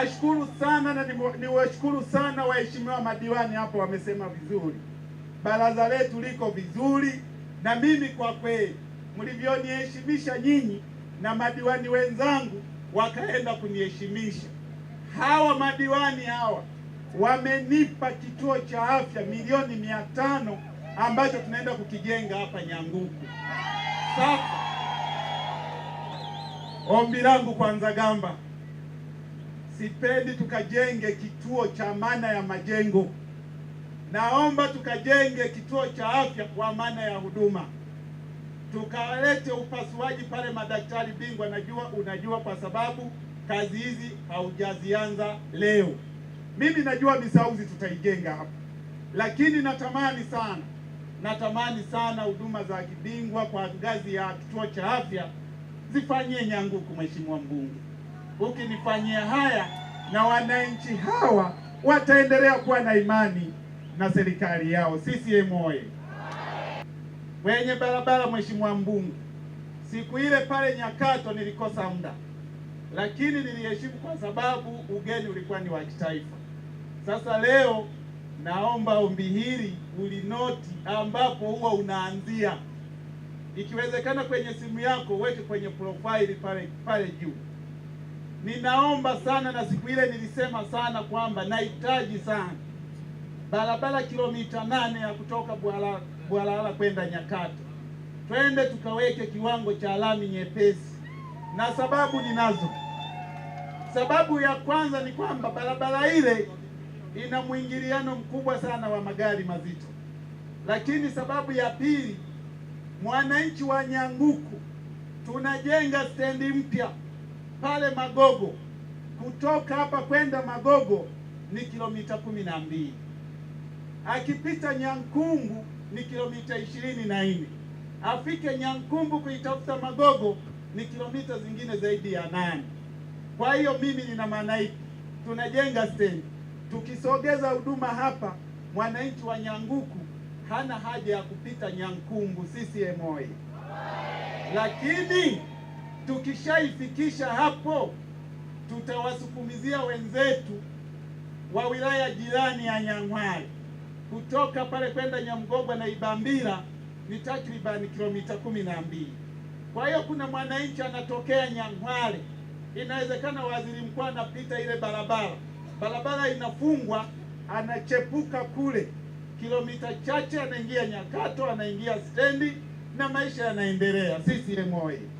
Nashukuru sana na niwashukuru sana waheshimiwa madiwani hapo, wamesema vizuri, baraza letu liko vizuri, na mimi kwa kweli mlivyoniheshimisha nyinyi na madiwani wenzangu wakaenda kuniheshimisha. Hawa madiwani hawa wamenipa kituo cha afya milioni mia tano ambacho tunaenda kukijenga hapa Nyanguku. Sasa ombi langu kwanza gamba sipendi tukajenge kituo cha maana ya majengo. Naomba tukajenge kituo cha afya kwa maana ya huduma, tukalete upasuaji pale. Madaktari bingwa, najua unajua, kwa sababu kazi hizi haujazianza leo. Mimi najua Misauzi tutaijenga hapa, lakini natamani sana, natamani sana huduma za kibingwa kwa ngazi ya kituo cha afya zifanyie nyanguku, Mheshimiwa Mbunge ukinifanyia haya, na wananchi hawa wataendelea kuwa na imani na serikali yao. CCM oye! kwenye barabara Mheshimiwa Mbungu, siku ile pale Nyakato nilikosa muda, lakini niliheshimu kwa sababu ugeni ulikuwa ni wa kitaifa. Sasa leo naomba ombi hili ulinoti, ambapo huwa unaanzia, ikiwezekana kwenye simu yako uweke kwenye profile pale pale juu. Ninaomba sana, na siku ile nilisema sana kwamba nahitaji sana barabara kilomita nane ya kutoka Bwalala kwenda Nyakato, twende tukaweke kiwango cha lami nyepesi, na sababu ninazo. Sababu ya kwanza ni kwamba barabara ile ina mwingiliano mkubwa sana wa magari mazito, lakini sababu ya pili, mwananchi wa Nyanguku tunajenga stendi mpya pale Magogo. Kutoka hapa kwenda Magogo ni kilomita kumi na mbili, akipita Nyankungu ni kilomita ishirini na nne, afike Nyankungu kuitafuta Magogo ni kilomita zingine zaidi ya nane. Kwa hiyo mimi nina maana hii, Tunajenga stendi, tukisogeza huduma hapa, mwananchi wa Nyanguku hana haja ya kupita Nyankungu. CCM oyee! Lakini Tukishaifikisha hapo, tutawasukumizia wenzetu wa wilaya jirani ya Nyang'hwale kutoka pale kwenda Nyamgogwa na ibambila ni takribani kilomita kumi na mbili. Kwa hiyo kuna mwananchi anatokea Nyang'hwale, inawezekana waziri mkuu anapita ile barabara, barabara inafungwa, anachepuka kule kilomita chache, anaingia Nyakato, anaingia stendi na maisha yanaendelea. CCM oyee!